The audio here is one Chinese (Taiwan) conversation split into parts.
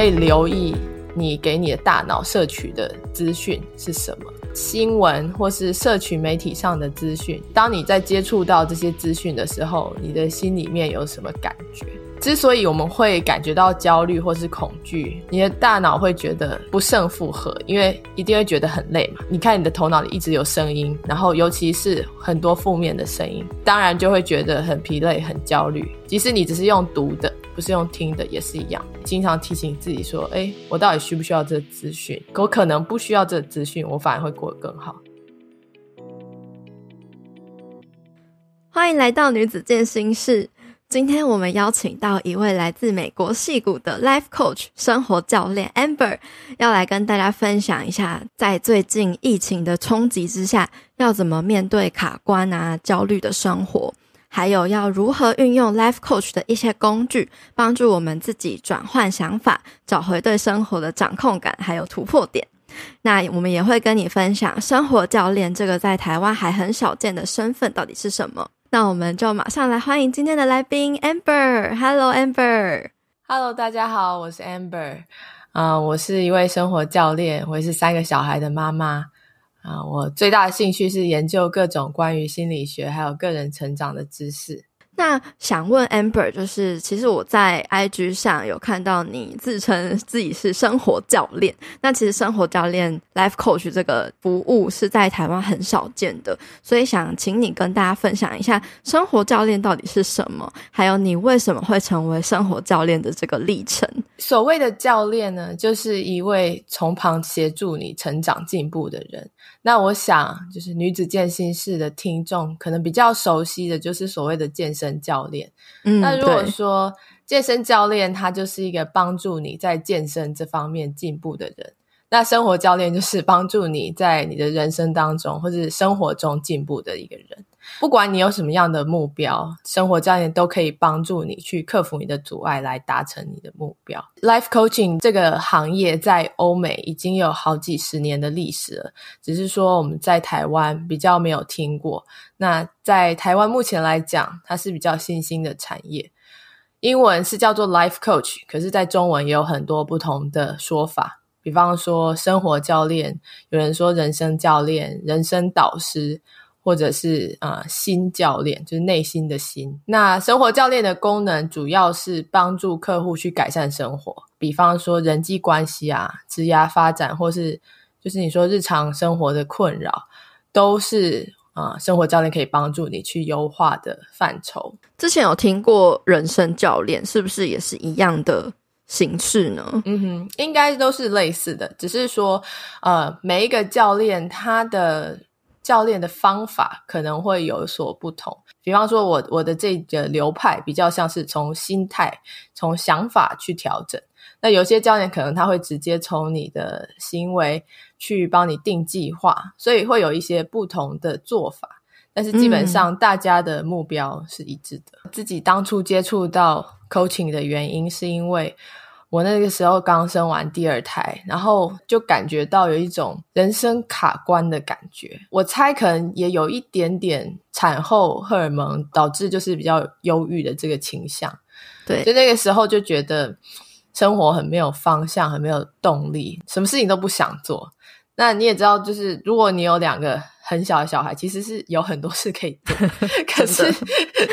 可以留意你給你的大腦攝取的資訊是什麼，新聞或是社群媒體上的資訊。當你在接觸到這些資訊的時候，你的心裡面有什麼感覺？之所以我們會感覺到焦慮或是恐懼，你的大腦會覺得不勝負荷，因為一定會覺得很累嘛。你看，你的頭腦裡一直有聲音，然後尤其是很多負面的聲音，當然就會覺得很疲累、很焦慮。即使你只是用讀的，不是用聽的，也是一樣。經常提醒自己說：“誒、欸、我到底需不需要這資訊？我可能不需要這資訊，我反而會過得更好。”歡迎來到女子健心室。今天我們邀請到一位來自美國硅谷的 Life Coach 生活教練 Amber，要來跟大家分享一下，在最近疫情的衝擊之下，要怎麼面對卡關啊、焦慮的生活，還有要如何運用 Life Coach 的一些工具，幫助我們自己轉換想法，找回對生活的掌控感，還有突破點。那我們也會跟你分享，生活教練這個在台灣還很少見的身份到底是什麼。那我們就馬上來歡迎今天的來賓 Amber。Hello, Amber，Hello, 大家好，我是 Amber。啊、uh，我是一位生活教練，我也是三個小孩的媽媽。啊、uh，我最大的興趣是研究各種關於心理學還有個人成長的知識。那想問 Amber，就是其實我在 IG 上有看到你自稱自己是生活教練。那其實生活教練 Life Coach 這個服務是在台灣很少見的，所以想請你跟大家分享一下生活教練到底是什麼，還有你為什麼會成為生活教練的這個歷程。所謂的教練呢，就是一位從旁協助你成長進步的人。那我想，就是女子健心室的聽眾可能比較熟悉的就是所謂的健身教練。嗯，那如果說健身教練，他就是一個幫助你在健身這方面進步的人。那生活教練就是幫助你在你的人生當中或者生活中進步的一個人。不管你有什麼樣的目標，生活教練都可以幫助你去克服你的阻礙，來達成你的目標。Life Coaching 這個行業在歐美已經有好幾十年的歷史了，只是說我們在台灣比較沒有聽過。那在台灣目前來講，它是比較新興的產業。英文是叫做 Life Coach，可是在中文也有很多不同的說法。比方說，生活教練，有人說人生教練、人生導師，或者是呃，心教練，就是內心的“心”。那生活教練的功能主要是幫助客戶去改善生活，比方說人際關係啊、職業發展，或是就是你說日常生活的困擾，都是啊、呃，生活教練可以幫助你去優化的範疇。之前有聽過人生教練，是不是也是一樣的？形式呢？嗯哼，應該都是類似的，只是說，呃，每一個教練他的教練的方法可能會有所不同。比方說我，我我的這個流派比較像是從心態、從想法去調整。那有些教練可能他會直接從你的行為去幫你定計劃，所以會有一些不同的做法。但是基本上，大家的目標是一致的。嗯。自己當初接觸到 coaching 的原因，是因為我那個時候剛生完第二胎，然後就感覺到有一種人生卡關的感覺。我猜可能也有一點點產後荷爾蒙導致，就是比較憂鬱的這個傾向。對，就那個時候就覺得生活很沒有方向，很沒有動力，什麼事情都不想做。那你也知道，就是如果你有兩個。很小的小孩其實是有很多事可以做， 可是，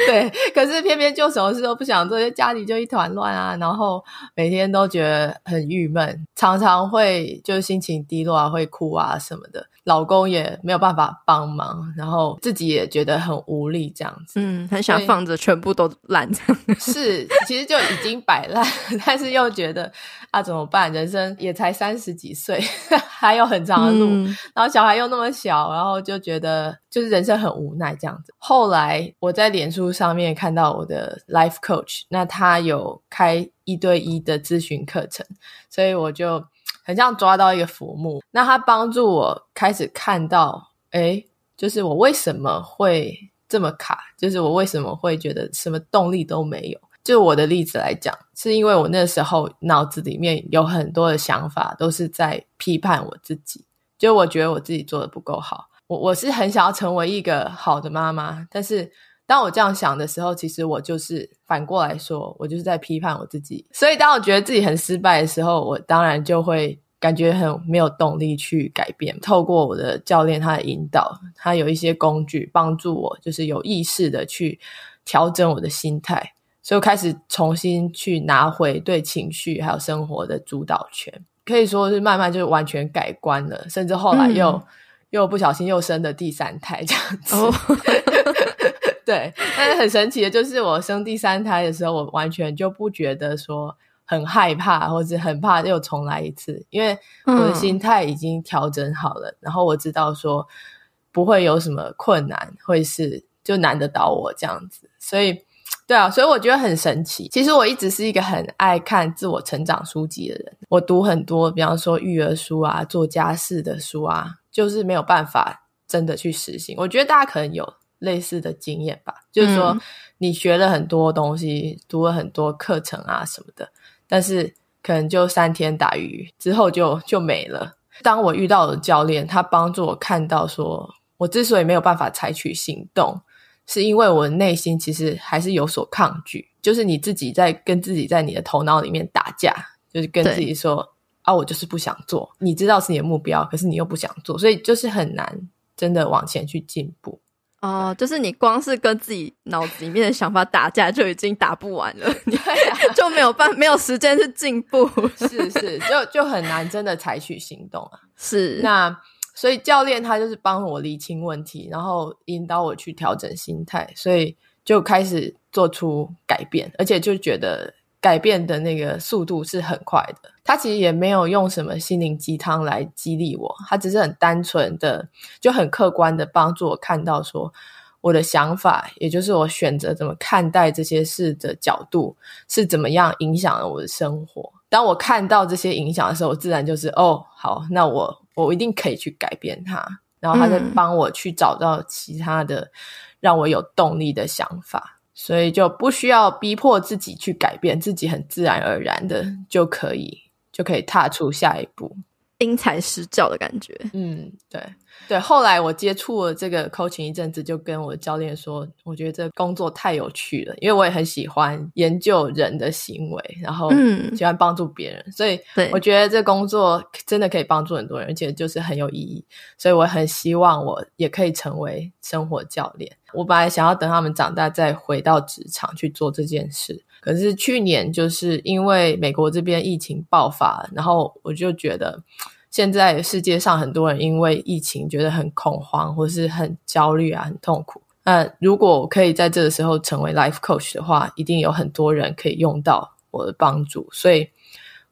對，可是偏偏就什麼事都不想做，就家裡就一團亂啊，然後每天都覺得很鬱悶，常常會就心情低落啊，會哭啊什麼的。老公也沒有辦法幫忙，然後自己也覺得很無力，這樣子，嗯，很想放着全部都爛這樣。 是，其實就已經擺爛，但是又覺得啊，怎麼辦？人生也才三十幾歲，還有很長的路，嗯，然後小孩又那麼小，然後。就覺得就是人生很無奈這樣子。後來我在臉書上面看到我的 life coach，那他有開一對一的諮詢課程，所以我就很像抓到一個浮木。那他幫助我開始看到，哎，就是我為什麼會這麼卡，就是我為什麼會覺得什麼動力都沒有。就我的例子來講，是因為我那時候腦子裡面有很多的想法都是在批判我自己，就我覺得我自己做的不夠好。我我是很想要成為一個好的媽媽，但是當我這樣想的時候，其實我就是反過來說，我就是在批判我自己。所以當我覺得自己很失敗的時候，我當然就會感覺很沒有動力去改變。透過我的教練他的引導，他有一些工具幫助我，就是有意識的去調整我的心態，所以我開始重新去拿回對情緒還有生活的主導權，可以說是慢慢就完全改觀了，甚至後來又、嗯。又不小心又生的第三胎這樣子，哦， 對，但是很神奇的就是我生第三胎的時候，我完全就不覺得說很害怕，或是很怕又重來一次，因為我的心態已經調整好了、嗯，然後我知道說不會有什麼困難會是就難得倒我這樣子，所以，對啊，所以我覺得很神奇。其實我一直是一個很愛看自我成長書籍的人，我讀很多，比方說育兒書啊，做家事的書啊。就是沒有辦法真的去實行。我覺得大家可能有類似的經驗吧？嗯，就是說你學了很多東西，讀了很多課程啊什麼的，但是可能就三天打魚之後就就沒了。當我遇到了教練，他幫助我看到，說我之所以沒有辦法採取行動，是因為我內心其實還是有所抗拒，就是你自己在跟自己在你的頭腦裡面打架，就是跟自己說。啊，我就是不想做。你知道是你的目標，可是你又不想做，所以就是很難真的往前去進步。哦、呃，就是你光是跟自己腦子裡面的想法打架， 就已經打不完了，啊、 就沒有辦，沒有時間去進步。是是，是，就就很難真的採取行動啊。 是。那所以教練他就是幫我理清問題，然後引導我去調整心態，所以就開始做出改變，而且就覺得。改變的那個速度是很快的，他其實也沒有用什麼心靈雞湯來激勵我，他只是很單純的就很客觀的幫助我看到說我的想法，也就是我選擇怎麼看待這些事的角度是怎麼樣影響了我的生活。當我看到這些影響的時候，我自然就是哦，好，那我我一定可以去改變它。然後他再幫我去找到其他的讓我有動力的想法。所以就不需要逼迫自己去改變，自己很自然而然的就可以，就可以踏出下一步，因材施教的感覺。嗯，對對。後來我接觸了這個 coaching 一陣子，就跟我教練說，我覺得這工作太有趣了，因為我也很喜歡研究人的行為，然後嗯喜歡幫助別人，嗯、所以對、我覺得這工作真的可以幫助很多人，而且就是很有意義，所以我很希望我也可以成為生活教練。我本來想要等他們長大再回到職場去做這件事，可是去年就是因為美國這邊疫情爆發，然後我就覺得現在世界上很多人因為疫情覺得很恐慌，或是很焦慮啊，很痛苦。那如果我可以在這個時候成為 life coach 的話，一定有很多人可以用到我的幫助。所以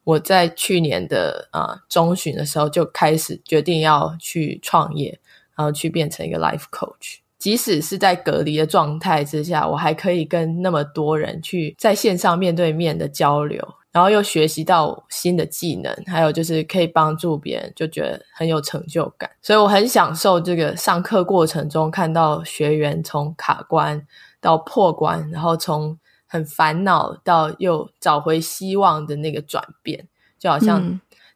我在去年的啊中旬的時候就開始決定要去創業，然後去變成一個 life coach。即使是在隔離的狀態之下，我還可以跟那麼多人去在線上面對面的交流，然後又學習到新的技能，還有就是可以幫助別人，就覺得很有成就感。所以我很享受這個上課過程中看到學員從卡關到破關，然後從很煩惱到又找回希望的那個轉變，就好像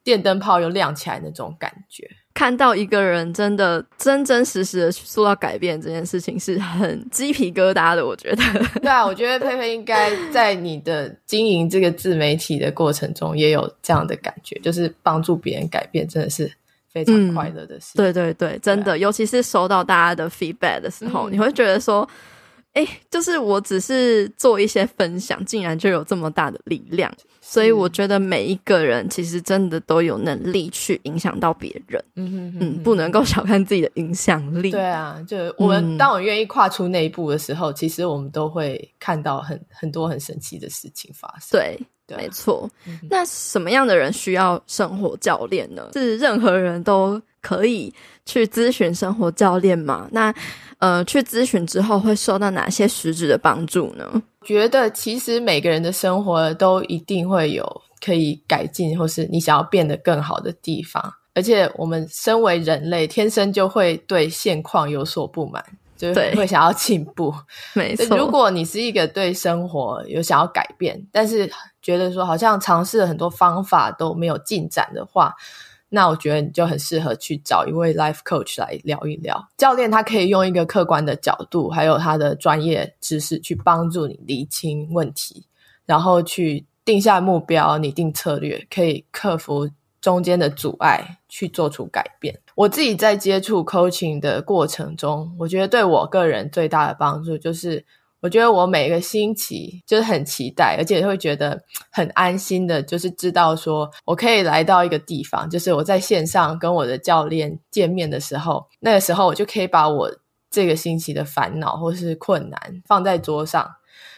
電燈泡又亮起來那種感覺。嗯。看到一個人真的真真實實的做到改變這件事情，是很雞皮疙瘩的。我覺得， 對啊，我覺得佩佩應該在你的經營這個自媒體的過程中，也有這樣的感覺，就是幫助別人改變，真的是非常快樂的事，嗯。對對對，真的，啊，尤其是收到大家的 feedback 的時候，嗯、你會覺得說。哎、欸，就是我只是做一些分享，竟然就有這麼大的力量，所以我覺得每一個人其實真的都有能力去影響到別人。嗯、哼哼哼嗯，不能夠小看自己的影響力、嗯。對啊，就我們、嗯、當我願意跨出那一步的時候，其實我們都會看到很很多很神奇的事情發生。對，對啊、沒錯、嗯。那什麼樣的人需要生活教練呢？就是任何人都可以去諮詢生活教練嗎？那呃，去諮詢之後會受到哪些實質的幫助呢？覺得其實每個人的生活都一定會有可以改進，或是你想要變得更好的地方。而且我們身為人類，天生就會對現況有所不滿，就會想要進步。 沒錯，如果你是一個對生活有想要改變，但是覺得說好像嘗試了很多方法都沒有進展的話。那我覺得你就很適合去找一位 life coach 來聊一聊。教練他可以用一個客觀的角度，還有他的專業知識去幫助你理清問題，然後去定下目標，擬定策略，可以克服中間的阻礙，去做出改變。我自己在接觸 coaching 的過程中，我覺得對我個人最大的幫助就是。我覺得我每個星期就是很期待，而且會覺得很安心的，就是知道說我可以來到一個地方，就是我在線上跟我的教練見面的時候，那個時候我就可以把我這個星期的煩惱或是困難放在桌上，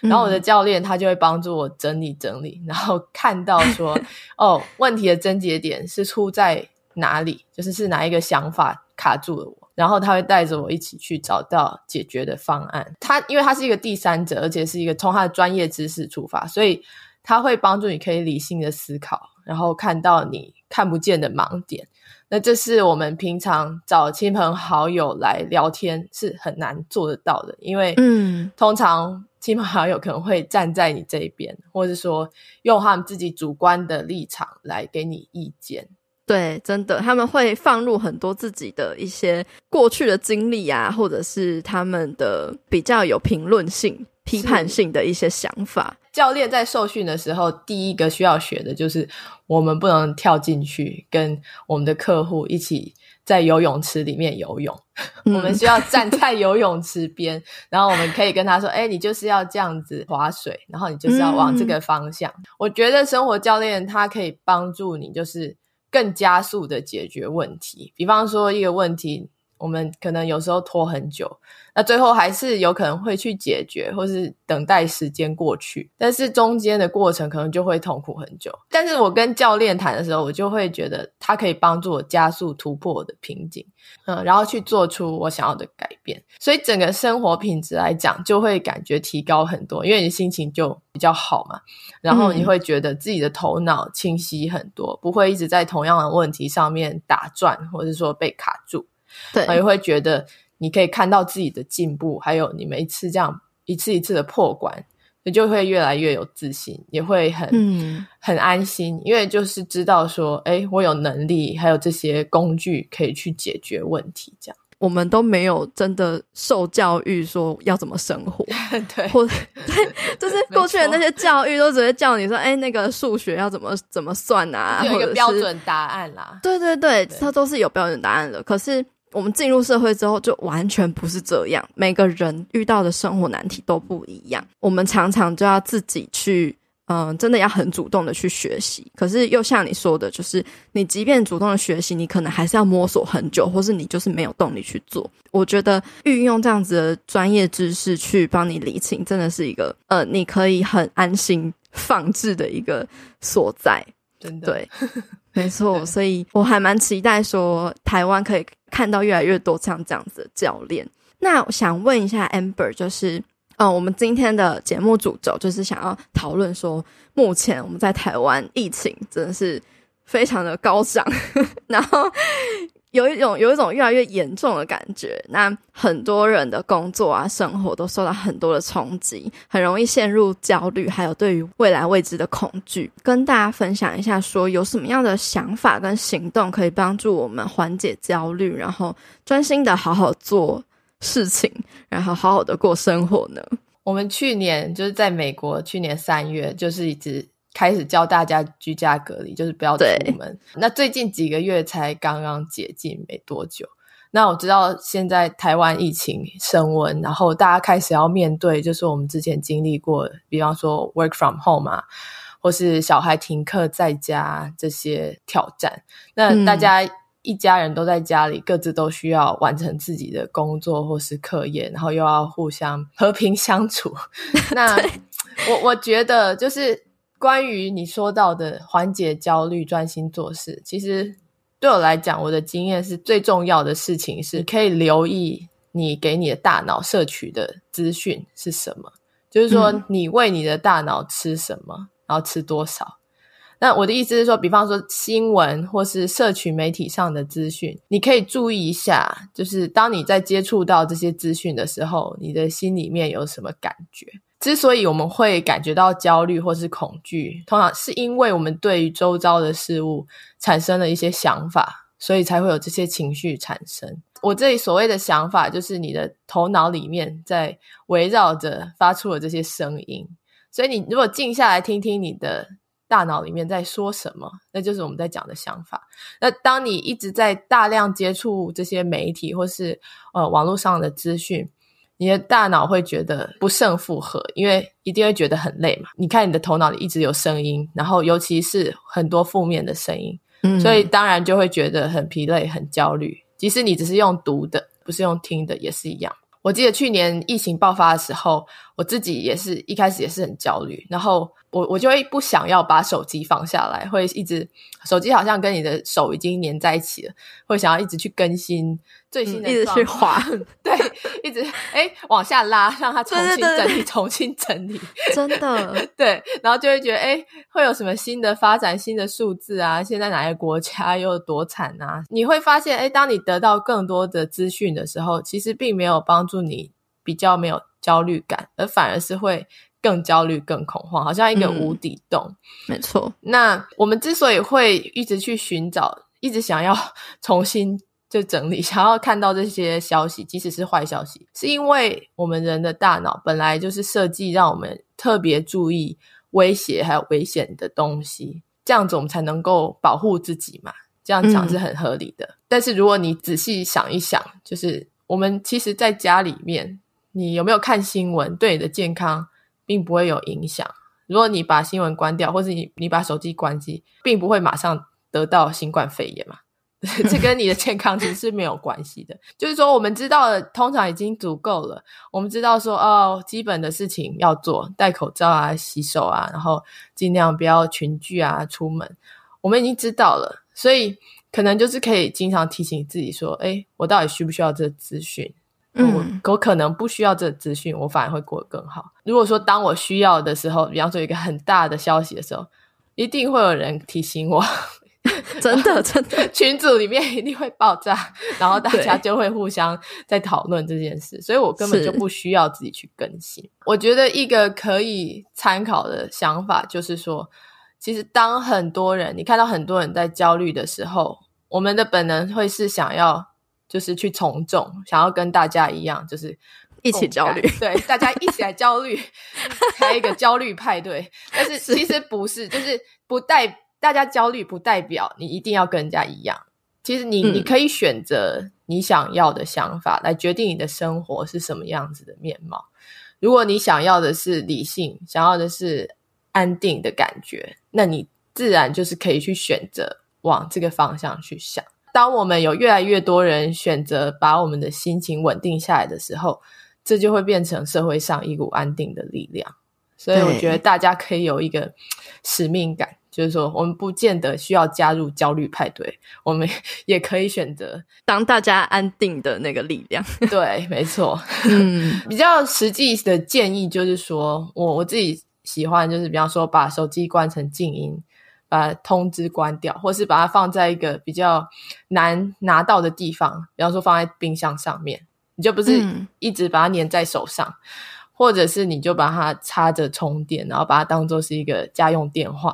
然後我的教練他就會幫助我整理整理，嗯、然後看到說 哦，問題的症結點是出在哪裡，就是是哪一個想法卡住了我。然後他會帶着我一起去找到解決的方案。他因為他是一個第三者，而且是一個從他的專業知識出發，所以他會幫助你可以理性的思考，然後看到你看不見的盲點。那這是我們平常找親朋好友來聊天是很難做得到的，因為嗯，通常親朋好友可能會站在你這一邊，或者說用他們自己主觀的立場來給你意見。對，真的，他們會放入很多自己的一些過去的經歷啊，或者是他們的比較有評論性、批判性的一些想法。教練在受訓的時候，第一個需要學的就是，我們不能跳進去跟我們的客戶一起在游泳池裡面游泳，嗯、 我們需要站在游泳池邊， 然後我們可以跟他說：“哎、欸，你就是要這樣子划水，然後你就是要往這個方向。嗯嗯”我覺得生活教練他可以幫助你，就是。更加速地解決問題，比方說一個問題。我們可能有時候拖很久，那最後還是有可能會去解決，或是等待時間過去，但是中間的過程可能就會痛苦很久。但是我跟教練談的時候，我就會覺得他可以幫助我加速突破我的瓶頸，嗯，然後去做出我想要的改變。所以整個生活品質來講，就會感覺提高很多，因為你的心情就比較好嘛，然後你會覺得自己的頭腦清晰很多，嗯，不會一直在同樣的問題上面打轉，或者說被卡住。對，也會覺得你可以看到自己的進步，還有你每一次這樣一次一次的破關，你就會越來越有自信，也會很、嗯、很安心，因為就是知道說，哎、欸，我有能力，還有這些工具可以去解決問題。這樣，我們都沒有真的受教育說要怎麼生活， 對，或對， 就是過去的那些教育都只會叫你說，哎、欸，那個數學要怎麼怎麼算啊，有一個標準答案啦。對對對，對，它都是有標準答案的，可是。我們進入社會之後，就完全不是這樣。每個人遇到的生活難題都不一樣，我們常常就要自己去，呃，真的要很主動的去學習。可是又像你說的，就是你即便主動的學習，你可能還是要摸索很久，或是你就是沒有動力去做。我覺得運用這樣子的專業知識去幫你理清，真的是一個，呃，你可以很安心放置的一個所在，真的。對。 沒錯，所以我還蠻期待說台灣可以看到越來越多像這樣子的教練。那我想問一下 Amber，就是嗯、呃，我們今天的節目主軸就是想要討論說，目前我們在台灣疫情真的是非常的高漲， 然後。有一種有一種越來越嚴重的感覺，那很多人的工作啊、生活都受到很多的衝擊，很容易陷入焦慮，還有對於未來未知的恐懼。跟大家分享一下，說有什麼樣的想法跟行動可以幫助我們緩解焦慮，然後專心的好好做事情，然後好好的過生活呢？我們去年就是在美國，去年三月就是一直開始教大家居家隔離，就是不要出門。那最近幾個月才剛剛解禁沒多久。那我知道現在台灣疫情升溫，然後大家開始要面對，就是我們之前經歷過的，比方說 work from home 嘛、啊，或是小孩停課在家這些挑戰。那大家一家人都在家裡、嗯，各自都需要完成自己的工作或是課業，然後又要互相和平相處。那我我覺得就是。關於你說到的緩解焦慮、專心做事，其實對我來講，我的經驗是最重要的事情是，可以留意你給你的大腦攝取的資訊是什麼。就是說，你為你的大腦吃什麼、嗯，然後吃多少。那我的意思是說，比方說新聞或是社群媒體上的資訊，你可以注意一下，就是當你在接觸到這些資訊的時候，你的心裡面有什麼感覺。之所以我們會感覺到焦慮或是恐懼，通常是因為我們對於周遭的事物產生了一些想法，所以才會有這些情緒產生。我這裡所謂的想法，就是你的頭腦裡面在圍繞着發出了這些聲音。所以，你如果靜下來聽聽你的大腦裡面在說什麼，那就是我們在講的想法。那當你一直在大量接觸這些媒體或是呃網絡上的資訊。你的大腦會覺得不勝負荷，因為一定會覺得很累嘛。你看，你的頭腦裡一直有聲音，然後尤其是很多負面的聲音。嗯。所以當然就會覺得很疲累，很焦慮。即使你只是用讀的，不是用聽的，也是一樣。我記得去年疫情爆發的時候，我自己也是一開始也是很焦慮，然後我我就會不想要把手機放下來，會一直手機好像跟你的手已經粘在一起了，會想要一直去更新最新的、嗯，一直去滑， 對，一直哎、欸、往下拉，讓它重新整理， 對對對對，重新整理，真的 對，然後就會覺得哎、欸，會有什麼新的發展、新的數字啊？現在哪個國家又有多慘啊？你會發現，哎、欸，當你得到更多的資訊的時候，其實並沒有幫助你，比較沒有。焦慮感，而反而是會更焦慮、更恐慌，好像一個無底洞。嗯。沒錯，那我們之所以會一直去尋找，一直想要重新就整理，想要看到這些消息，即使是壞消息，是因為我們人的大腦本來就是設計讓我們特別注意威脅還有危險的東西，這樣子我們才能夠保護自己嘛。這樣講是很合理的。嗯。但是如果你仔細想一想，就是我們其實在家裡面。你有沒有看新聞？對你的健康，並不會有影響。如果你把新聞關掉，或是你你把手機關機，並不會馬上得到新冠肺炎嘛。 這跟你的健康其實是沒有關係的。 就是說，我們知道的通常已經足夠了。我們知道說，哦，基本的事情要做，戴口罩啊，洗手啊，然後盡量不要群聚啊，出門。我們已經知道了，所以可能就是可以經常提醒自己說，哎、欸，我到底需不需要這資訊？我、嗯、我可能不需要這資訊，我反而會過得更好。如果說當我需要的時候，比方說有一個很大的消息的時候，一定會有人提醒我， 真的真的，群組裡面一定會爆炸，然後大家就會互相在討論這件事，所以我根本就不需要自己去更新。我覺得一個可以參考的想法就是說，其實當很多人，你看到很多人在焦慮的時候，我們的本能會是想要。就是去從眾，想要跟大家一樣，就是一起焦慮，對，大家一起來焦慮，開 一個焦慮派對。但是其實不是，是就是不代大家焦慮，不代表你一定要跟人家一樣。其實你、嗯、你可以選擇你想要的想法，來決定你的生活是什麼樣子的面貌。如果你想要的是理性，想要的是安定的感覺，那你自然就是可以去選擇往這個方向去想。當我們有越來越多人選擇把我們的心情穩定下來的時候，這就會變成社會上一股安定的力量。所以我覺得大家可以有一個使命感，就是說我們不見得需要加入焦慮派對，我們也可以選擇當大家安定的那個力量。 對，沒錯。 嗯，比較實際的建議就是說，我我自己喜歡就是比方說把手機關成靜音。把通知關掉，或是把它放在一個比較難拿到的地方，比方說放在冰箱上面，你就不是一直把它粘在手上、嗯，或者是你就把它插着充電，然後把它當做是一個家用電話，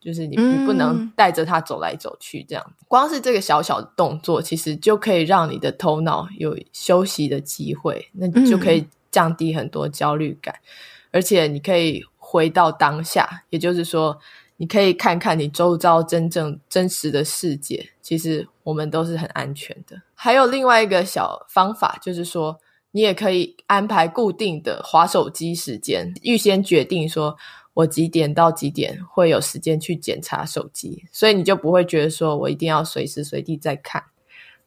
就是你不能帶着它走來走去。這樣、嗯，光是這個小小的動作，其實就可以讓你的頭腦有休息的機會，那你就可以降低很多焦慮感、嗯，而且你可以回到當下，也就是說，你可以看看你周遭真正真實的世界，其實我們都是很安全的。還有另外一個小方法，就是說你也可以安排固定的滑手機時間，預先決定說我幾點到幾點會有時間去檢查手機，所以你就不會覺得說我一定要隨時隨地在看。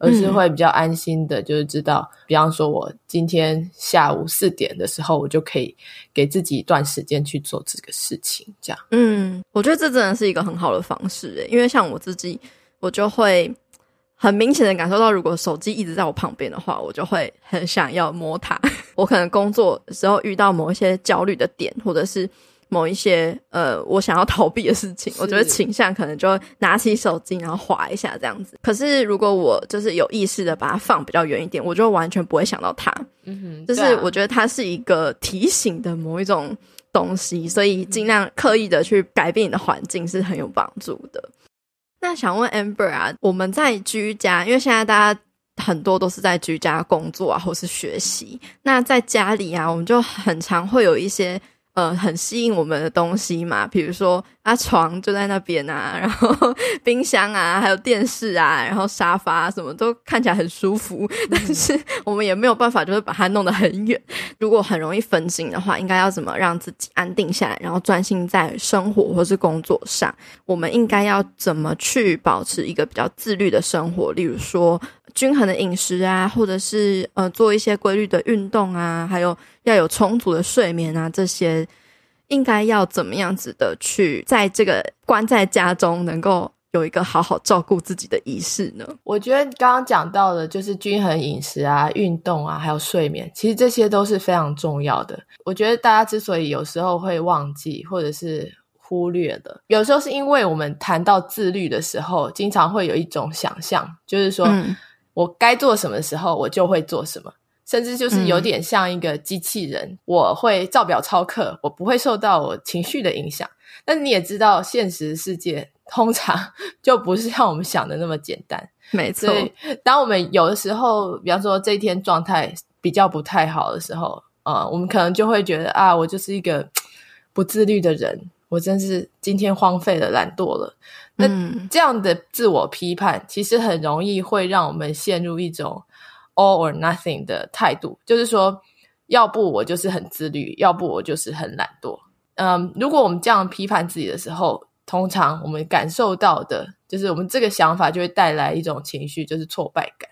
就是會比較安心的，就是知道，比方說，我今天下午四點的時候，我就可以給自己一段時間去做這個事情，這樣。嗯，我覺得這真的是一個很好的方式耶，因為像我自己，我就會很明顯的感受到，如果手機一直在我旁邊的話，我就會很想要摸它。我可能工作時候遇到某一些焦慮的點，或者是。某一些呃，我想要逃避的事情，我覺得傾向可能就拿起手機，然後滑一下這樣子。可是如果我就是有意識的把它放比較遠一點，我就完全不會想到它。嗯哼，就是我覺得它是一個提醒的某一種東西，啊、所以盡量刻意的去改變你的環境是很有幫助的，嗯。那想問 Amber 啊，我們在居家，因為現在大家很多都是在居家工作啊，或是學習。那在家裡啊，我們就很常會有一些。呃，很吸引我們的東西嘛，比如說啊，床就在那邊啊，然後冰箱啊，還有電視啊，然後沙發啊，什麼都看起來很舒服，但是我們也沒有辦法，就是把它弄得很遠。如果很容易分心的話，應該要怎麼讓自己安定下來，然後專心在生活或是工作上？我們應該要怎麼去保持一個比較自律的生活？例如說，均衡的飲食啊，或者是呃，做一些規律的運動啊，還有。要有充足的睡眠啊，這些應該要怎麼樣子的去在這個關在家中，能夠有一個好好照顧自己的儀式呢？我覺得剛剛講到的，就是均衡飲食啊、運動啊，還有睡眠，其實這些都是非常重要的。我覺得大家之所以有時候會忘記或者是忽略的，有時候是因為我們談到自律的時候，經常會有一種想象，就是說、嗯、我該做什麼的時候，我就會做什麼。甚至就是有點像一個機器人、嗯，我會照表操課，我不會受到我情緒的影響。但你也知道，現實世界通常就不是像我們想的那麼簡單，沒錯。當我們有的時候，比方說這一天狀態比較不太好的時候，呃，我們可能就會覺得啊，我就是一個不自律的人，我真是今天荒廢了、懶惰了。那這樣的自我批判，其實很容易會讓我們陷入一種。all or nothing 的態度，就是說，要不我就是很自律，要不我就是很懶惰。嗯、um，如果我們這樣批判自己的時候，通常我們感受到的，就是我們這個想法就會帶來一種情緒，就是挫敗感。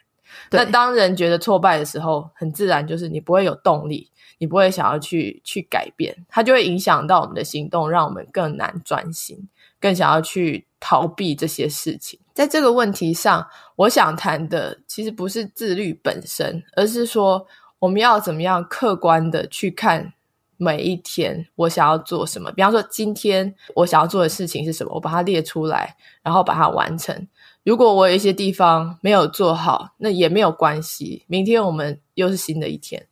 對。那當人覺得挫敗的時候，很自然就是你不會有動力，你不會想要去去改變，它就會影響到我們的行動，讓我們更難專心，更想要去逃避這些事情。在這個問題上，我想談的其實不是自律本身，而是說我們要怎麼樣客觀的去看每一天我想要做什麼。比方說，今天我想要做的事情是什麼，我把它列出來，然後把它完成。如果我有一些地方沒有做好，那也沒有關係。明天我們又是新的一天，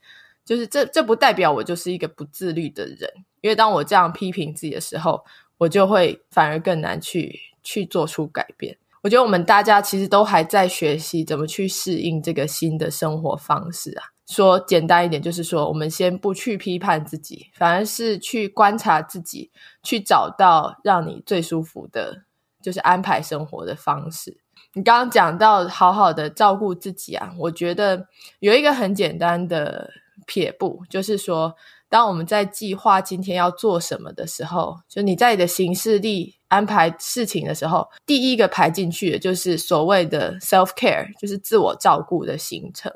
就是這這不代表我就是一個不自律的人。因為當我這樣批評自己的時候，我就會反而更難去去做出改變。我覺得我們大家其實都還在學習怎麼去適應這個新的生活方式啊。說簡單一點，就是說我們先不去批判自己，反而是去觀察自己，去找到讓你最舒服的，就是安排生活的方式。你剛剛講到好好的照顧自己啊，我覺得有一個很簡單的撇步，就是說當我們在計劃今天要做什麼的時候，就你在你的行事曆。安排事情的時候，第一個排進去的就是所謂的 self care，就是自我照顧的行程。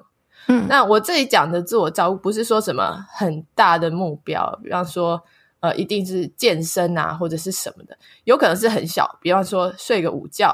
嗯，那我自己講的自我照顧，不是說什麼很大的目標，比方說，呃，一定是健身啊，或者是什麼的，有可能是很小，比方說睡個午覺，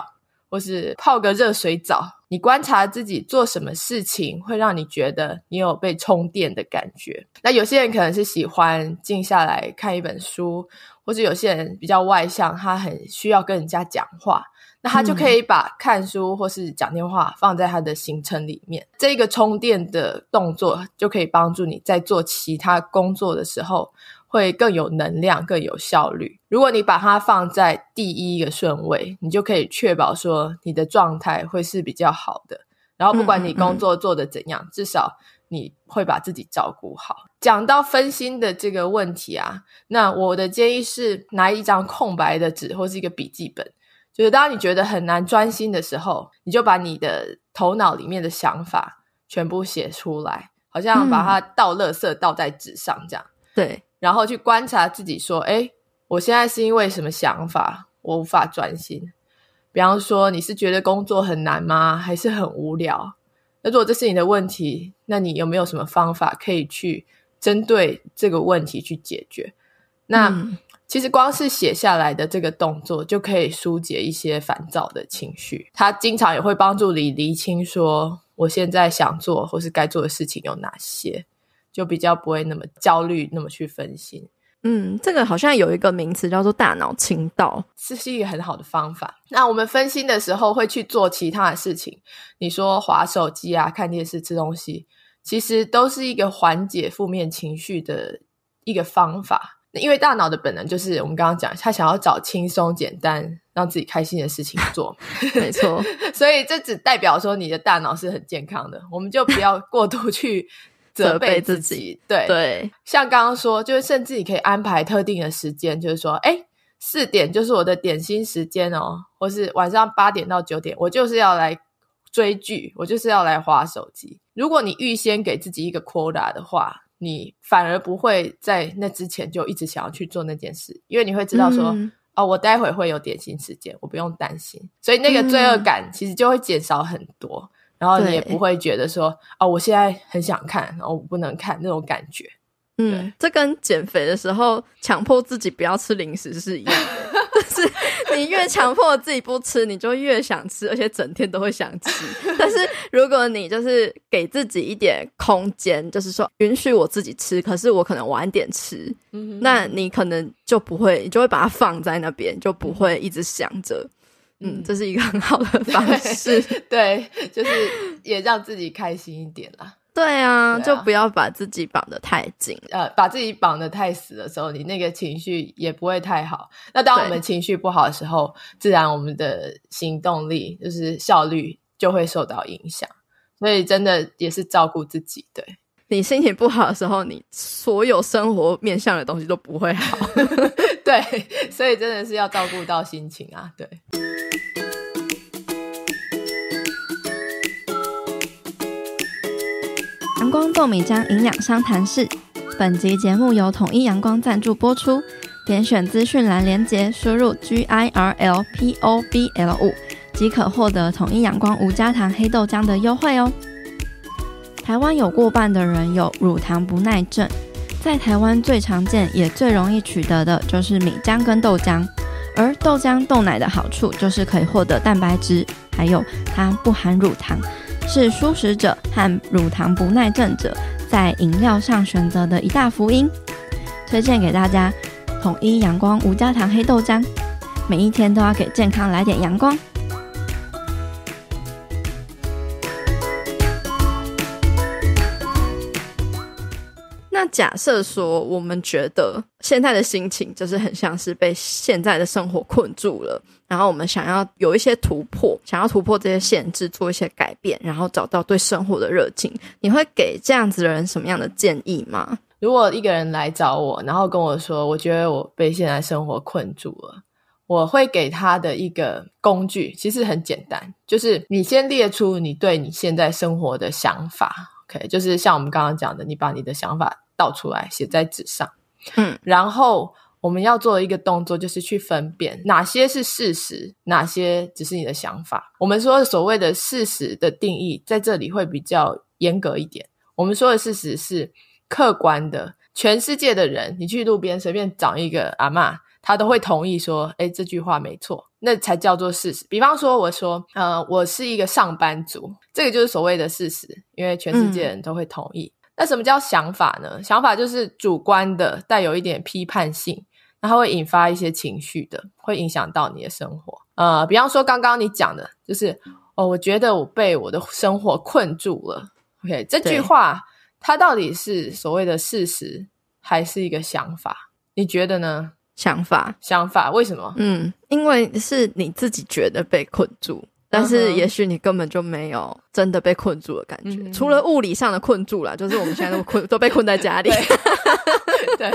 或是泡個熱水澡。你觀察自己做什麼事情會讓你覺得你有被充電的感覺。那有些人可能是喜歡靜下來看一本書。或者有些人比較外向，他很需要跟人家講話，那他就可以把看書或是講電話放在他的行程裡面。嗯，這個充電的動作就可以幫助你在做其他工作的時候會更有能量，更有效率。如果你把它放在第一個順位，你就可以確保說你的狀態會是比較好的。然後不管你工作做得怎樣，嗯嗯，至少你會把自己照顧好。講到分心的這個問題啊，那我的建議是拿一張空白的紙或是一個筆記本，就是當你覺得很難專心的時候，你就把你的頭腦裡面的想法全部寫出來，好像把它倒垃圾倒在紙上這樣。對、嗯，然後去觀察自己說，誒，我現在是因為什麼想法我無法專心？比方說你是覺得工作很難嗎？還是很無聊？那如果這是你的問題，那你有沒有什麼方法可以去？針對這個問題去解決。那、嗯、其實光是寫下來的這個動作，就可以疏解一些煩躁的情緒。他經常也會幫助你釐清說，我現在想做或是該做的事情有哪些，就比較不會那麼焦慮，那麼去分心。嗯，這個好像有一個名詞叫做“大腦清道”，是是一個很好的方法。那我們分心的時候會去做其他的事情，你說滑手機啊、看電視、吃東西。其實都是一個緩解負面情緒的一個方法，那因為大腦的本能就是我們剛剛講，他想要找輕鬆、簡單讓自己開心的事情做，沒錯。 所以這只代表說你的大腦是很健康的，我們就不要過度去責備自己。自己。對對，像剛剛說，就是甚至你可以安排特定的時間，就是說，哎，四點就是我的點心時間哦，或是晚上八點到九點，我就是要來追劇，我就是要來滑手機。如果你預先給自己一個 quota 的話，你反而不會在那之前就一直想要去做那件事，因為你會知道說，嗯、哦，我待會會有點心時間，我不用擔心，所以那個罪惡感其實就會減少很多，嗯、然後你也不會覺得說，哦，我現在很想看，哦，我不能看那種感覺。嗯，這跟減肥的時候強迫自己不要吃零食是一樣的。 是你越強迫自己不吃，你就越想吃，而且整天都會想吃。但是如果你就是給自己一點空間，就是說允許我自己吃，可是我可能晚點吃，嗯，那你可能就不會，你就會把它放在那邊，就不會一直想着。嗯，這是一個很好的方式，嗯對，對，就是也讓自己開心一點啦。對啊，對啊，就不要把自己綁得太緊，呃，把自己綁得太死的時候，你那個情緒也不會太好。那當我們情緒不好的時候，自然我們的行動力就是效率就會受到影響。所以真的也是照顧自己，對。你心情不好的時候，你所有生活面向的東西都不會好。 對，所以真的是要照顧到心情啊。對。光豆米漿營養商談室，本集節目由統一陽光贊助播出。點選資訊欄連結，輸入 GIRLPOBL5 即可獲得統一陽光無加糖黑豆漿的優惠哦。台灣有過半的人有乳糖不耐症，在台灣最常見也最容易取得的就是米漿跟豆漿。而豆漿豆奶的好處就是可以獲得蛋白質，還有它不含乳糖。是素食者和乳糖不耐症者在飲料上選擇的一大福音，推薦給大家。統一陽光無加糖黑豆漿，每一天都要給健康來點陽光。那假設說，我們覺得現在的心情就是很像是被現在的生活困住了，然後我們想要有一些突破，想要突破這些限制，做一些改變，然後找到對生活的熱情。你會給這樣子的人什麼樣的建議嗎？如果一個人來找我，然後跟我說，我覺得我被現在生活困住了，我會給他的一個工具，其實很簡單，就是你先列出你對你現在生活的想法。OK，就是像我們剛剛講的，你把你的想法倒出來寫在紙上，嗯，然後我們要做的一個動作就是去分辨哪些是事實，哪些只是你的想法。我們說的所謂的事實的定義在這裡會比較嚴格一點，我們說的事實是客觀的，全世界的人，你去路邊隨便找一個阿嬤。他都會同意說：“哎，這句話沒錯，那才叫做事實。”比方說，我說：“呃，我是一個上班族。”這個就是所謂的事實，因為全世界人都會同意、嗯。那什麼叫想法呢？想法就是主觀的，帶有一點批判性，然後會引發一些情緒的，會影響到你的生活。呃，比方說剛剛你講的，就是“哦，我覺得我被我的生活困住了。”OK，這句話它到底是所謂的事實，還是一個想法？你覺得呢？想法，想法，為什麼？嗯，因為是你自己覺得被困住，嗯、但是也許你根本就沒有真的被困住的感覺。嗯、除了物理上的困住了、嗯，就是我們現在都困， 都被困在家裡。對，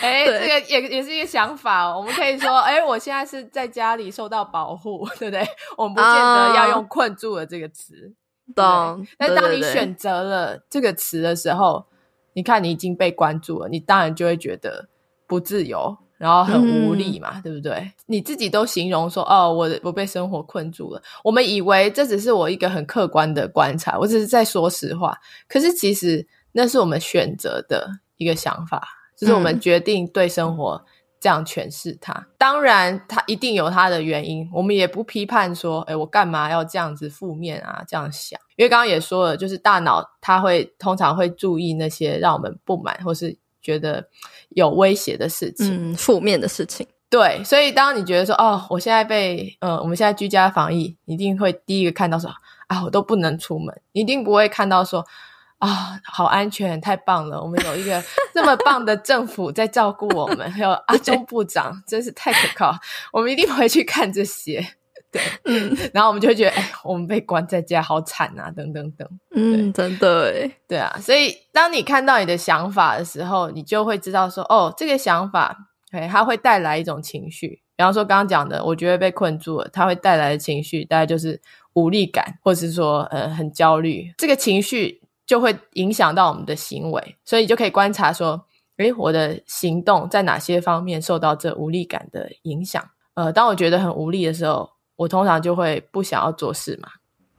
哎、 欸，這個也也是一個想法、喔。我們可以說，哎、欸，我現在是在家裡受到保護， 對不對？我們不見得要用“困住”的這個詞。懂。但當你選擇了這個詞的時候對對對對，你看你已經被關住了，你當然就會覺得，不自由，然後很無力嘛、嗯，對不對？你自己都形容說哦，我我被生活困住了。我們以為這只是我一個很客觀的觀察，我只是在說實話。可是其實那是我們選擇的一個想法，就是我們決定對生活這樣詮釋它。嗯、當然，它一定有它的原因。我們也不批判說，誒，我幹嘛要這樣子負面啊？這樣想，因為剛剛也說了，就是大腦它會通常會注意那些讓我們不滿或是覺得有威脅的事情、嗯，負面的事情，對。所以，當你覺得說，哦，我現在被，呃，我們現在居家防疫，一定會第一個看到說，啊，我都不能出門，一定不會看到說，啊，好安全，太棒了，我們有一個這麼棒的政府在照顧我們， 還有阿中部長，真是太可靠，我們一定會去看這些。對，嗯，然後我們就會覺得，哎、欸，我們被關在家，好慘啊，等等等，嗯，真的，哎，對啊，所以當你看到你的想法的時候，你就會知道說，哦，這個想法，哎、欸，它會帶來一種情緒，比方說剛剛講的，我覺得被困住了，它會帶來的情緒，大概就是無力感，或是說，呃，很焦慮。這個情緒就會影響到我們的行為，所以你就可以觀察說，哎、欸，我的行動在哪些方面受到這無力感的影響。呃，當我覺得很無力的時候。我通常就會不想要做事嘛，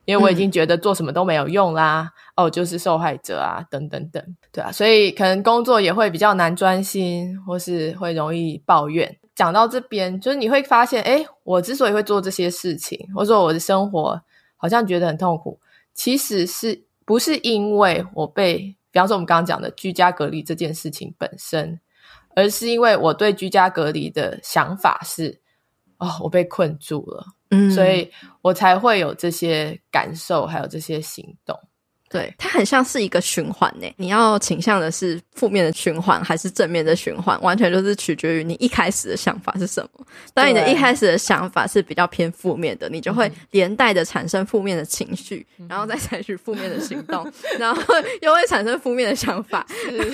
因為我已經覺得做什麼都沒有用啦。嗯。哦，就是受害者啊，等等等，對啊，所以可能工作也會比較難專心，或是會容易抱怨。講到這邊，就是你會發現，哎，我之所以會做這些事情，或者說我的生活好像覺得很痛苦，其實是不是因為我被，比方說我們剛剛講的居家隔離這件事情本身，而是因為我對居家隔離的想法是。哦，我被困住了，嗯，所以我才會有這些感受，還有這些行動。對，它很像是一個循環呢、欸。你要傾向的是負面的循環，還是正面的循環？完全就是取決於你一開始的想法是什麼。當你的一開始的想法是比較偏負面的，你就會連帶的產生負面的情緒、嗯，然後再採取負面的行動、嗯，然後又會產生負面的想法、 就是，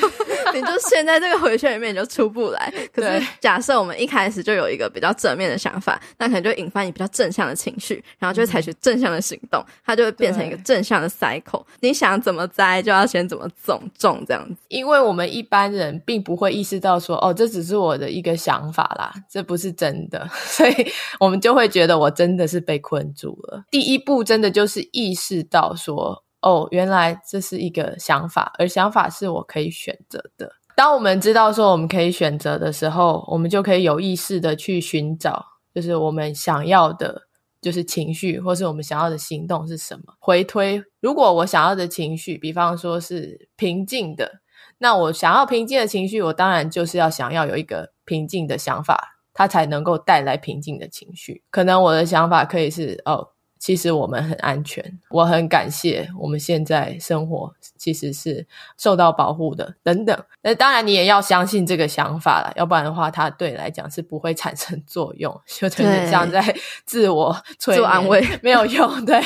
你就陷在這個回圈裡面，你就出不來。 可是假設我們一開始就有一個比較正面的想法，那可能就引發你比較正向的情緒，然後就會採取正向的行動、嗯，它就會變成一個正向的 cycle。你想怎麼栽，就要先怎麼種種這樣子，因為我們一般人並不會意識到說，哦，這只是我的一個想法啦，這不是真的，所以我們就會覺得我真的是被困住了。第一步真的就是意識到說，哦，原來這是一個想法，而想法是我可以選擇的。當我們知道說我們可以選擇的時候，我們就可以有意識的去尋找，就是我們想要的。就是情緒，或是我們想要的行動是什麼？回推，如果我想要的情緒，比方說是平靜的，那我想要平靜的情緒，我當然就是要想要有一個平靜的想法，它才能夠帶來平靜的情緒。可能我的想法可以是，哦。其實我們很安全，我很感謝我們現在生活其實是受到保護的等等。那當然你也要相信這個想法了，要不然的話，它對來講是不會產生作用，就等於像在自我催做安慰，沒有用。 對，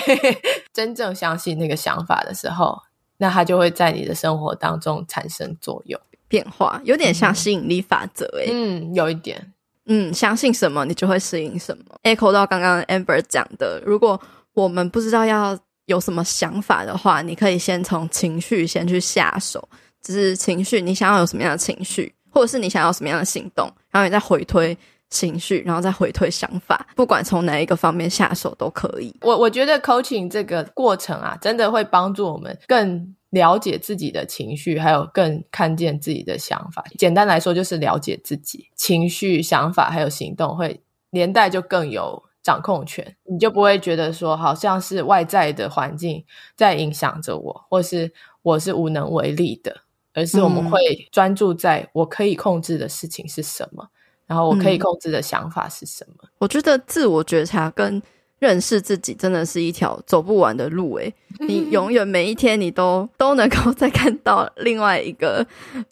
真正相信那個想法的時候，那它就會在你的生活當中產生作用，變化有點像吸引力法則，欸，嗯，有一點。嗯，相信什麼你就會適應什麼。echo 到剛剛 Amber 講的，如果我們不知道要有什麼想法的話，你可以先從情緒先去下手，只、就是情緒，你想要有什麼樣的情緒，或者是你想要有什麼樣的行動，然後你再回推。情緒，然後再回退想法，不管從哪一個方面下手都可以。我我覺得 coaching 這個過程啊，真的會幫助我們更了解自己的情緒，還有更看見自己的想法。簡單來說，就是了解自己情緒、想法還有行動，會連帶就更有掌控權。你就不會覺得說，好像是外在的環境在影響着我，或是我是無能為力的，而是我們會專注在我可以控制的事情是什麼。嗯。然後我可以控制的想法是什麼？嗯、我覺得自我覺察跟認識自己，真的是一條走不完的路誒。你永遠每一天，你都 都能夠再看到另外一個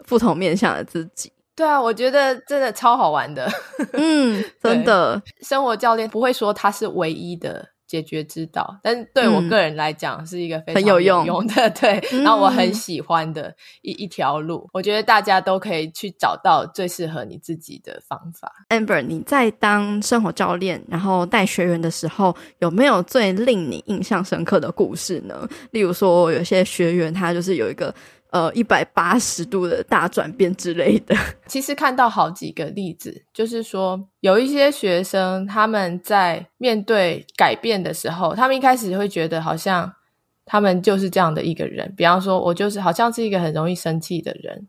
不同面向的自己。對啊，我覺得真的超好玩的。 嗯，真的，生活教練不會說他是唯一的。解決之道，但對我個人來講是一個非常有用的，嗯、很有用對，然後我很喜歡的一、嗯、一條路，我覺得大家都可以去找到最適合你自己的方法。Amber，你在當生活教練，然後帶學員的時候，有沒有最令你印象深刻的故事呢？例如說，有些學員他就是有一個，呃，一百八十度的大轉變之類的。其實看到好幾個例子，就是說有一些學生他們在面對改變的時候，他們一開始會覺得好像他們就是這樣的一個人。比方說，我就是好像是一個很容易生氣的人。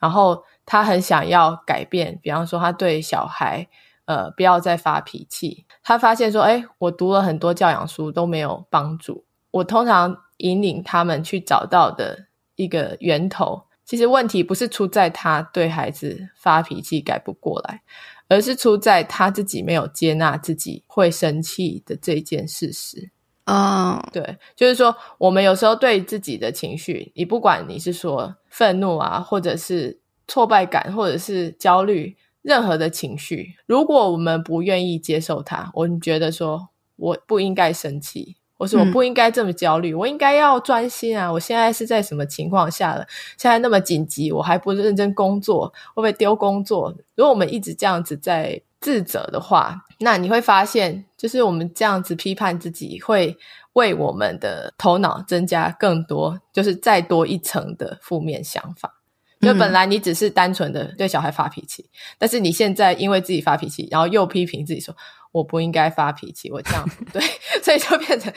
然後他很想要改變。比方說，他對小孩，呃，不要再發脾氣。他發現說，誒，我讀了很多教養書都沒有幫助。我通常引領他們去找到的。一個源頭，其實問題不是出在他對孩子發脾氣改不過來，而是出在他自己沒有接納自己會生氣的這件事實。啊、oh.，對，就是說，我們有時候對自己的情緒，你不管你是說憤怒啊，或者是挫敗感，或者是焦慮，任何的情緒，如果我們不願意接受它，我們覺得說我不應該生氣。我說我不應該這麼焦慮，嗯，我應該要專心啊！我現在是在什麼情況下了？現在那麼緊急，我還不認真工作，會不會丟工作？如果我們一直這樣子在自責的話，那你會發現，就是我們這樣子批判自己，會為我們的頭腦增加更多，就是再多一層的負面想法。嗯。就本來你只是單純的對小孩發脾氣，但是你現在因為自己發脾氣，然後又批評自己說，我不應該發脾氣，我這樣 對，所以就變成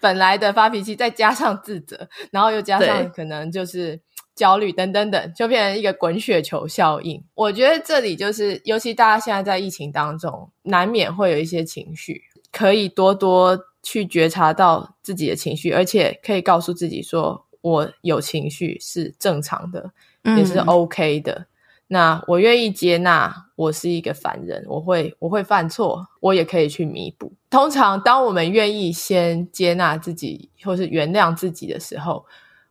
本來的發脾氣，再加上自責，然後又加上可能就是焦慮等等等，就變成一個滾雪球效應。我覺得這裡就是，尤其大家現在在疫情當中，難免會有一些情緒，可以多多去覺察到自己的情緒，而且可以告訴自己說，我有情緒是正常的，嗯、也是 OK 的。那我願意接納，我是一個凡人，我會我會犯錯，我也可以去彌補。通常，當我們願意先接納自己，或是原諒自己的時候，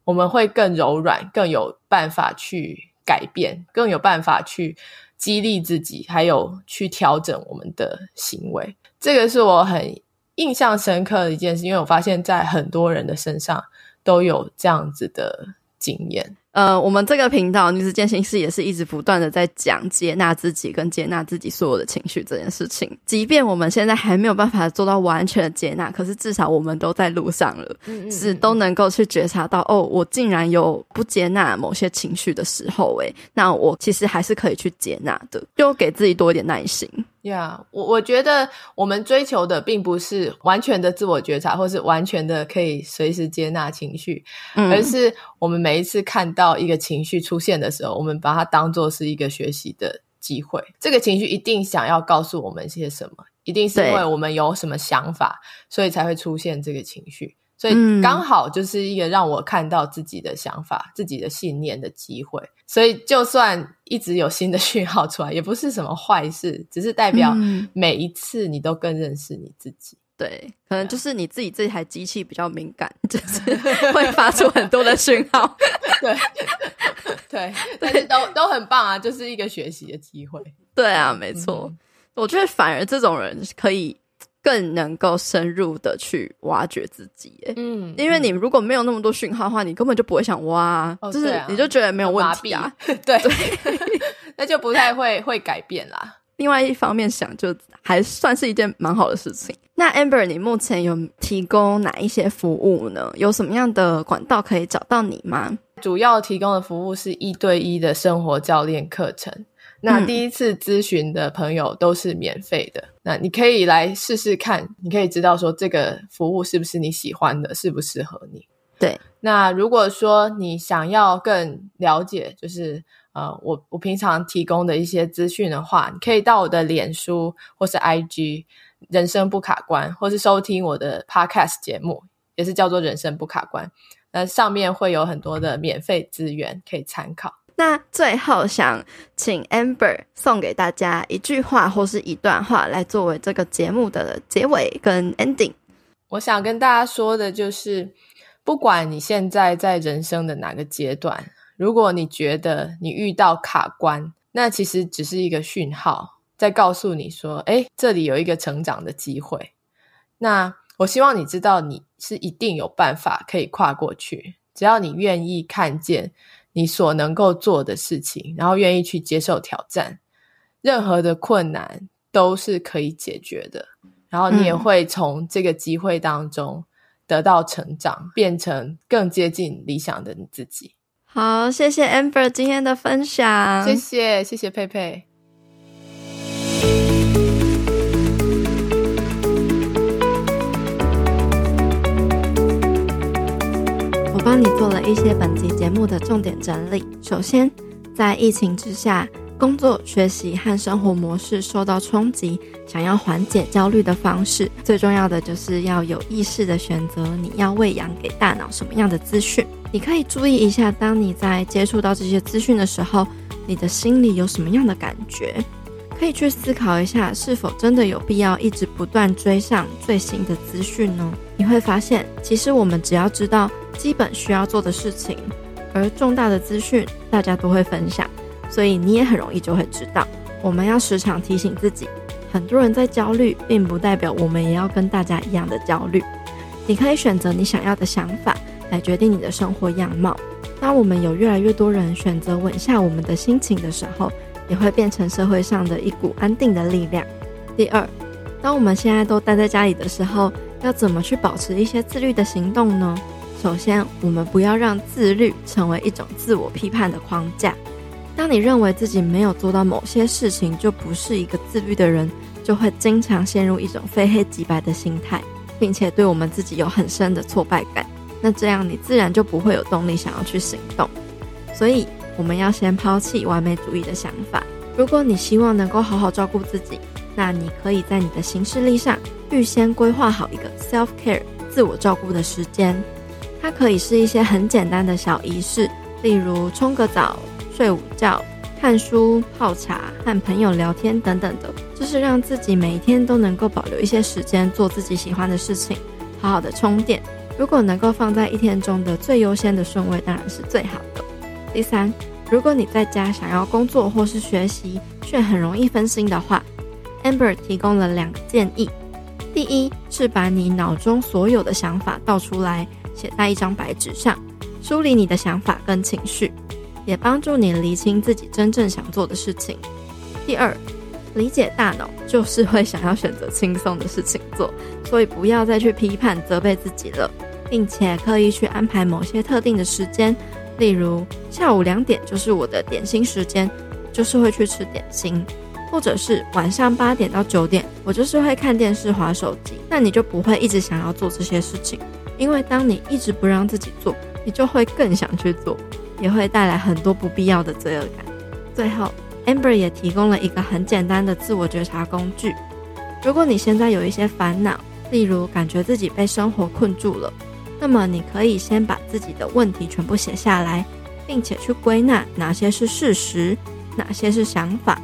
我們會更柔軟，更有辦法去改變，更有辦法去激勵自己，還有去調整我們的行為。這個是我很印象深刻的一件事，因為我發現在很多人的身上都有這樣子的經驗。呃，我們這個頻道女子健心室也是一直不斷的在講接納自己跟接納自己所有的情緒這件事情。即便我們現在還沒有辦法做到完全的接納，可是至少我們都在路上了，是都能夠去覺察到哦，我竟然有不接納某些情緒的時候，欸，誒，那我其實還是可以去接納的，就給自己多一點耐心。呀、yeah，我我覺得我們追求的並不是完全的自我覺察，或是完全的可以隨時接納情緒，嗯。而是我們每一次看到一個情緒出現的時候，我們把它當做是一個學習的機會。這個情緒一定想要告訴我們些什麼，一定是因為我們有什麼想法，所以才會出現這個情緒。所以剛好就是一個讓我看到自己的想法，嗯、自己的信念的機會。所以就算一直有新的訊號出來，也不是什麼壞事，只是代表每一次你都更認識你自己。嗯、對，可能就是你自己這台機器比較敏感，就是會發出很多的訊號。 對，對，對，對，但是都都很棒啊，就是一個學習的機會。對啊，沒錯，嗯、我覺得反而這種人可以。更能夠深入的去挖掘自己，嗯，因為你如果沒有那麼多訊號的話，你根本就不會想挖、啊哦，就是你就覺得沒有問題啊，哦、對，啊對， 對 那就不太會 會改變啦。另外一方面想，就還算是一件蠻好的事情。 那 Amber，你目前有提供哪一些服務呢？有什麼樣的管道可以找到你嗎？主要提供的服務是一對一的生活教練課程。那第一次諮詢的朋友都是免費的。嗯那你可以來試試看，你可以知道說這個服務是不是你喜歡的，適不適合你。對，那如果說你想要更了解，就是呃，我我平常提供的一些資訊的話，你可以到我的臉書或是 IG「人生不卡關」，或是收聽我的 Podcast 節目，也是叫做「人生不卡關」。那上面會有很多的免費資源可以參考。那最後想請 Amber 送給大家一句話或是一段話來作為這個節目的結尾跟 ending。我想跟大家說的就是，不管你現在在人生的哪個階段，如果你覺得你遇到卡關，那其實只是一個訊號，在告訴你說，哎、欸，這裡有一個成長的機會。那我希望你知道，你是一定有辦法可以跨過去，只要你願意看見。你所能夠做的事情，然後願意去接受挑戰，任何的困難都是可以解決的。然後你也會從這個機會當中得到成長，嗯，變成更接近理想的你自己。好，謝謝 Amber 今天的分享，謝謝謝謝佩佩。幫你做了一些本集節目的重點整理。首先，在疫情之下，工作、學習和生活模式受到衝擊，想要緩解焦慮的方式，最重要的就是要有意識的選擇你要餵養給大腦什麼樣的資訊。你可以注意一下，當你在接觸到這些資訊的時候，你的心裡有什麼樣的感覺。可以去思考一下，是否真的有必要一直不斷追上最新的資訊呢？你會發現，其實我們只要知道基本需要做的事情，而重大的資訊大家都會分享，所以你也很容易就會知道。我們要時常提醒自己，很多人在焦慮，並不代表我們也要跟大家一樣的焦慮。你可以選擇你想要的想法來決定你的生活樣貌。當我們有越來越多人選擇穩下我們的心情的時候。也會變成社會上的一股安定的力量。第二，當我們現在都待在家裡的時候，要怎麼去保持一些自律的行動呢？首先，我們不要讓自律成為一種自我批判的框架。當你認為自己沒有做到某些事情，就不是一個自律的人，就會經常陷入一種非黑即白的心態，並且對我們自己有很深的挫敗感。那這樣你自然就不會有動力想要去行動。所以，我們要先拋棄完美主義的想法。如果你希望能夠好好照顧自己，那你可以在你的行事曆上預先規劃好一個 self care 自我照顧的時間。它可以是一些很簡單的小儀式，例如沖個澡、睡午覺、看書、泡茶、和朋友聊天等等的，就是讓自己每一天都能夠保留一些時間做自己喜歡的事情，好好的充電。如果能夠放在一天中的最優先的順位，當然是最好的。第三，如果你在家想要工作或是學習，卻很容易分心的話，Amber 提供了兩個建議。第一，是把你腦中所有的想法倒出來，寫在一張白紙上，梳理你的想法跟情緒，也幫助你釐清自己真正想做的事情。第二，理解大腦就是會想要選擇輕鬆的事情做，所以不要再去批判責備自己了，並且刻意去安排某些特定的時間。例如下午兩點就是我的點心時間，就是會去吃點心，或者是晚上八點到九點，我就是會看電視、滑手機。那你就不會一直想要做這些事情，因為當你一直不讓自己做，你就會更想去做，也會帶來很多不必要的罪惡感。最後，Amber 也提供了一個很簡單的自我覺察工具。如果你現在有一些煩惱，例如感覺自己被生活困住了。那麼，你可以先把自己的問題全部寫下來，並且去歸納哪些是事實，哪些是想法，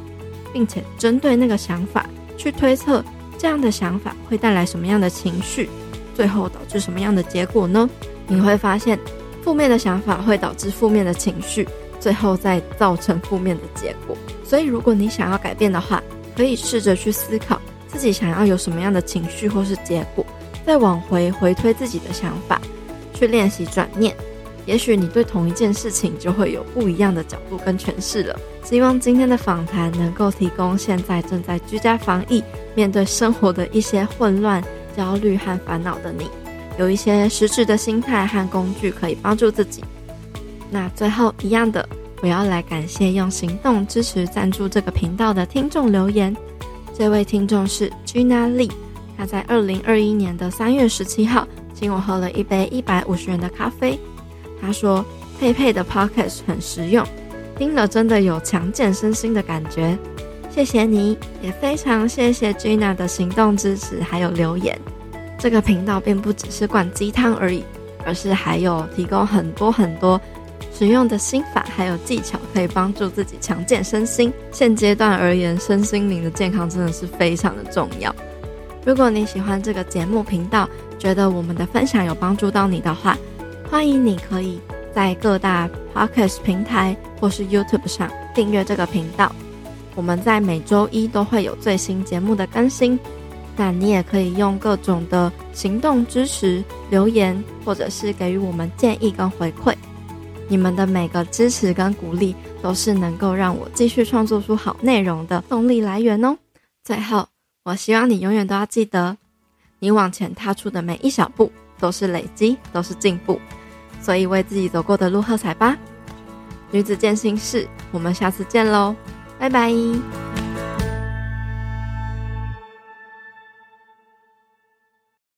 並且針對那個想法去推測，這樣的想法會帶來什麼樣的情緒，最後導致什麼樣的結果呢？你會發現，負面的想法會導致負面的情緒，最後再造成負面的結果。所以，如果你想要改變的話，可以試着去思考自己想要有什麼樣的情緒或是結果。再往回回推自己的想法，去練習轉念，也許你對同一件事情就會有不一樣的角度跟詮釋了。希望今天的訪談能夠提供現在正在居家防疫、面對生活的一些混亂、焦慮和煩惱的你，有一些實質的心態和工具可以幫助自己。那最後一樣的，我要來感謝用行動支持贊助這個頻道的聽眾留言，這位聽眾是 Gina Lee。他在二零二一年的三月十七號請我喝了一杯一百五十元的咖啡。他說：“佩佩的 Podcast 很實用，聽了真的有強健身心的感覺。”謝謝你，也非常謝謝 Gina 的行動支持還有留言。這個頻道並不只是灌雞湯而已，而是還有提供很多很多實用的心法還有技巧，可以幫助自己強健身心。現階段而言，身心靈的健康真的是非常的重要。如果你喜歡這個節目頻道，覺得我們的分享有幫助到你的話，歡迎你可以在各大 podcast 平台或是 YouTube 上訂閱這個頻道。我們在每周一都會有最新節目的更新，但你也可以用各種的行動支持、留言，或者是給予我們建議跟回饋。你們的每個支持跟鼓勵，都是能夠讓我繼續創作出好內容的動力來源哦。最後。我希望你永遠都要記得，你往前踏出的每一小步都是累積，都是進步，所以為自己走過的路喝彩吧！女子健心室，我們下次見嘍，拜拜。